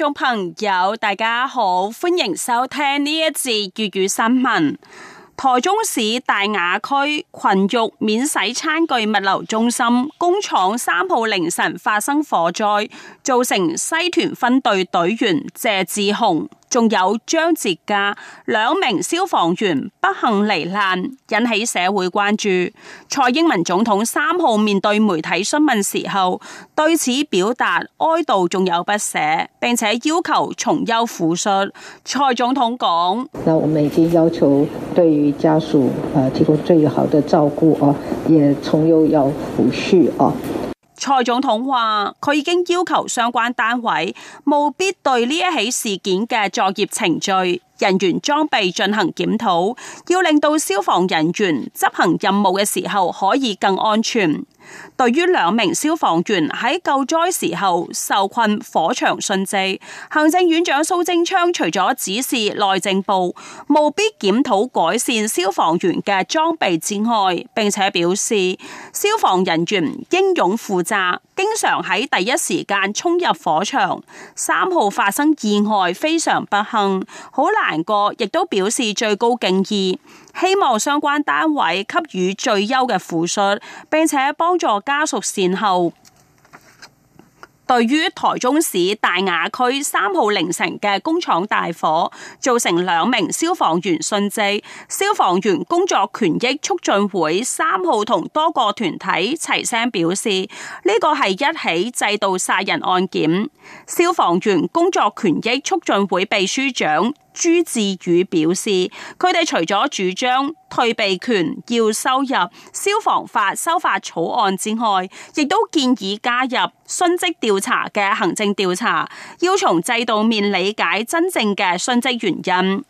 觀眾朋友，大家好，歡迎收聽呢一節粵語新聞。台中市大雅區群玉免洗餐具物流中心工廠三號凌晨發生火災，造成西屯分隊隊員謝志雄。仲有張哲嘉兩名消防員不幸罹難，引起社會關注。蔡英文總統三號面對媒體詢問時候，對此表達哀悼，仲有不捨，並且要求從優撫卹。蔡總統講：那我們已經要求對於家屬啊提供最好的照顧啊，也從優要撫卹啊。蔡總統話：佢已經要求相關單位務必對呢一起事件嘅作業程序、人員裝備進行檢討，要令到消防人員執行任務嘅時候可以更安全。對於兩名消防員喺救災時候受困火場殉職，行政院長蘇貞昌除咗指示內政部務必檢討改善消防員嘅裝備之外，並且表示消防人員英勇負責。經常喺第一時間衝入火場，三號發生意外非常不幸，好難過，亦都表示最高敬意，希望相關單位給予最優嘅撫恤，並且幫助家屬善後。對於台中市大雅區三號凌晨嘅工廠大火，造成兩名消防員殉職，消防員工作權益促進會三號同多個團體齊聲表示，呢、這個係一起制度殺人案件。消防員工作權益促進會秘書長。朱志宇表示，佢哋除咗主張退避權要收入消防法修法草案之外，亦都建議加入殉職調查嘅行政調查，要從制度面理解真正嘅殉職原因。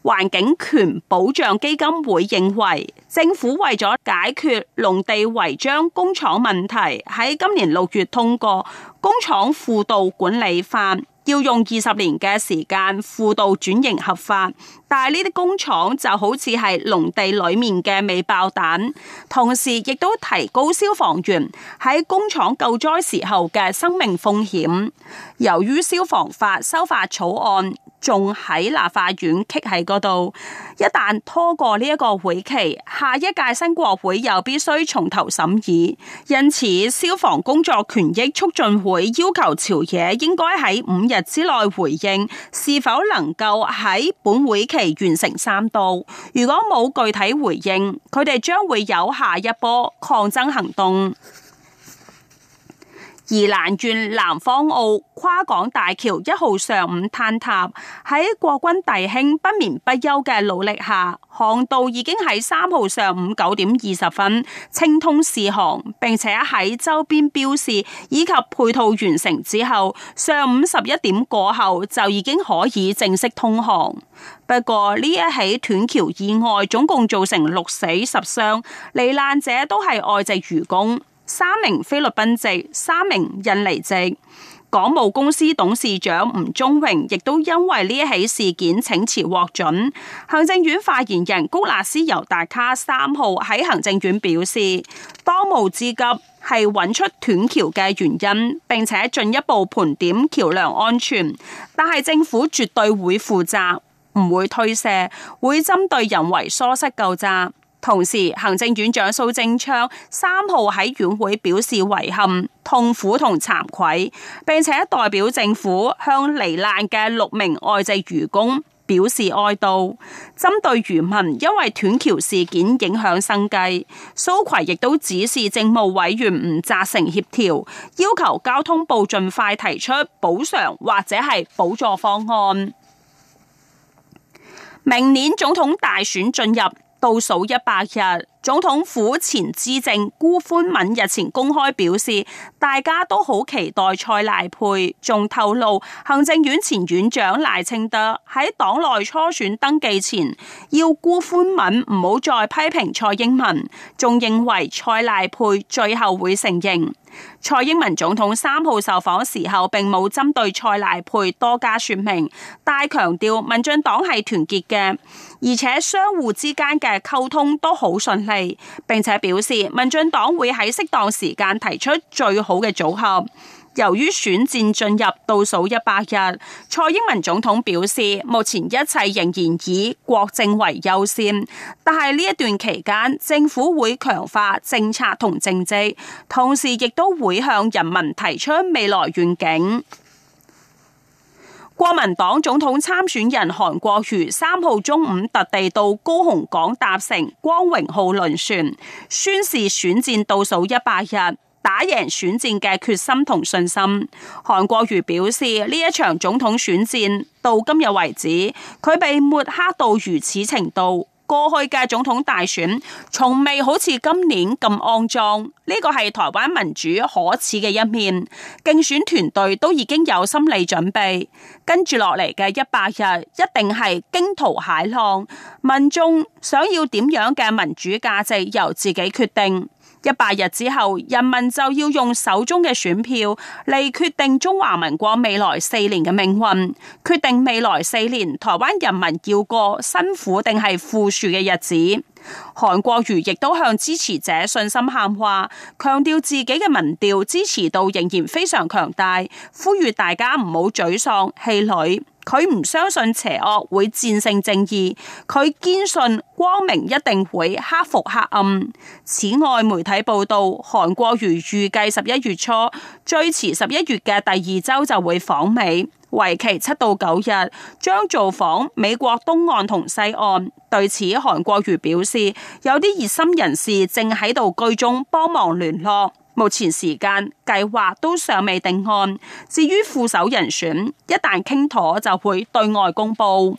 環境權保障基金會認為，政府為咗解決農地違章工廠問題，喺今年六月通過工廠輔導管理法。要用二十年嘅時間輔導轉型合法，但係呢啲工廠就好似係農地裡面嘅未爆彈，同時亦都提高消防員喺工廠救災時候嘅生命風險。由於消防法修法草案，仲喺立法院棘喺嗰度，一旦拖過呢一個會期，下一屆新國會又必須從頭審議。因此，消防工作權益促進會要求朝野應該喺五日之內回應是否能夠喺本會期完成三讀，如果冇具體回應，佢哋將會有下一波抗爭行動。而南段南方澳跨港大橋一號上午坍塌，喺國軍弟兄不眠不休嘅努力下，航道已經喺三號上午九點二十分清通試航，並且喺周邊標示以及配套完成之後，上午十一點過後就已經可以正式通航。不過呢一起斷橋意外，總共造成六死十傷，罹難者都係外籍漁工。三名菲律賓籍、三名印尼籍，港務公司董事長吳宗榮亦都因為呢一起事件請辭獲准。行政院發言人谷辣斯·尤達卡三號喺行政院表示，當務之急係揾出斷橋嘅原因，並且進一步盤點橋樑安全。但係政府絕對會負責，唔會推卸，會針對人為疏失究責。同時，行政院長蘇貞昌三號喺院會表示遺憾、痛苦同慚愧，並且代表政府向罹難嘅六名外籍漁工表示哀悼。針對漁民因為斷橋事件影響生計，蘇揆亦都指示政務委員吳澤成協調，要求交通部盡快提出補償或者係補助方案。明年總統大選進入。倒數一百日。總統府前資政辜寬敏日前公開表示，大家都好期待蔡賴配。仲透露，行政院前院長賴清德喺黨內初選登記前，要辜寬敏唔好再批評蔡英文，仲認為蔡賴配最後會成形。蔡英文總統三號受訪時候，並冇針對蔡賴配多加說明，大強調民進黨係團結嘅，而且相互之間嘅溝通都好順係，並且表示民進黨會喺適當時間提出最好嘅組合。由於選戰進入倒數一百日，蔡英文總統表示，目前一切仍然以國政為優先，但係呢一段期間，政府會強化政策同政績，同時亦都會向人民提出未來願景。國民黨總統參選人韓國瑜三號中午特地到高雄港搭乘光榮號輪船，宣示選戰倒數一百日，打贏選戰嘅決心同信心。韓國瑜表示，呢一場總統選戰到今日為止，佢被抹黑到如此程度。過去嘅總統大選從未好似今年咁骯髒，呢、這個係台灣民主可恥嘅一面。競選團隊都已經有心理準備，跟住落嚟嘅一百日一定係驚濤駭浪，民眾想要點樣嘅民主價值由自己決定。一百日之後，人民就要用手中嘅選票嚟決定中華民國未來四年嘅命運，決定未來四年台灣人民要過辛苦定係富庶嘅日子。韓國瑜亦都向支持者信心喊話，強調自己嘅民調支持度仍然非常強大，呼籲大家唔好沮喪氣餒。氣佢唔相信邪惡會戰勝正義，佢堅信光明一定會克服黑暗。此外，媒體報道，韓國瑜預計十一月初，最遲十一月嘅第二週就會訪美，為期七到九日，將造訪美國東岸同西岸。對此，韓國瑜表示，有啲熱心人士正喺度居中幫忙聯絡。目前時間計劃都尚未定案，至於副手人選，一旦傾妥就會對外公佈。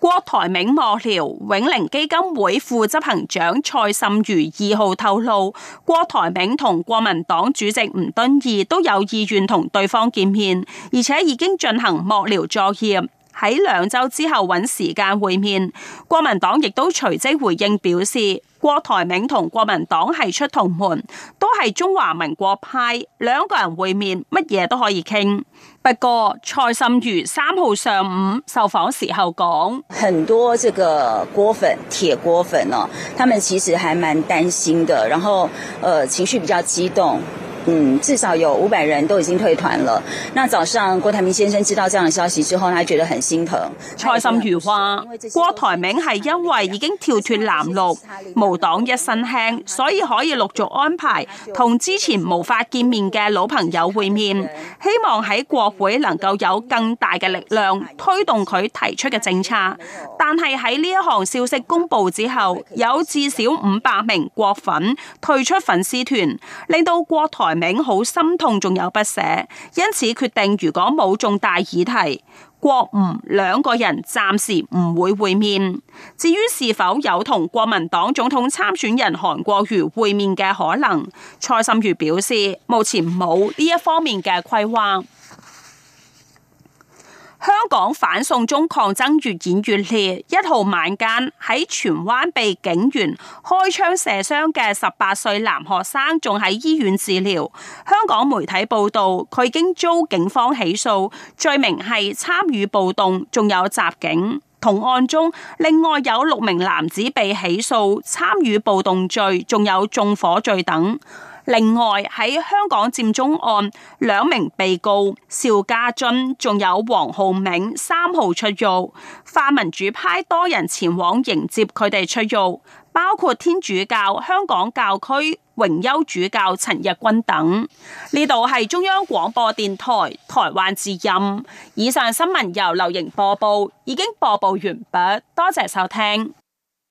郭台銘幕僚永齡基金會副執行長蔡沁如二號透露，郭台銘同國民黨主席吳敦義都有意願同對方見面，而且已經進行幕僚作協。喺兩週之後揾時間會面，國民黨亦都隨即回應表示，郭台銘同國民黨係出同門，都係中華民國派，兩個人會面乜嘢都可以傾。不過蔡心如三號上午受訪時候講，很多這個郭粉鐵郭粉哦，他們其實還蠻擔心的，然後呃情緒比較激動。嗯，至少有五百人都已經退團了。那早上郭台銘先生知道這樣的消息之後，他覺得很心疼。蔡心如話：郭台銘係因為已經跳脫藍綠，無黨一身輕，所以可以陸續安排同之前無法見面嘅老朋友會面，希望喺國會能夠有更大嘅力量推動佢提出嘅政策。但係喺呢一項消息公布之後，有至少五百名國粉退出粉絲團，令到郭台銘。名好心痛，仲有不捨，因此決定，如果冇重大議題，郭吳兩個人暫時唔會會面。至於是否有同國民黨總統參選人韓國瑜會面嘅可能，蔡心瑜表示，目前冇呢一方面嘅規劃。香港反送中抗爭越演越烈，一號晚間喺荃灣被警員開槍射傷嘅十八歲男學生仲喺醫院治療。香港媒體報道，佢已經遭警方起訴，罪名係參與暴動，仲有襲警。同案中，另外有六名男子被起訴，參與暴動罪，仲有縱火罪等。另外喺香港佔中案，兩名被告邵家臻，仲有黃浩銘三號出獄，泛民主派多人前往迎接佢哋出獄，包括天主教香港教區榮休主教陳日君等。呢度係中央廣播電台台灣之音。以上新聞由劉瑩播報，已經播報完畢，多謝收聽。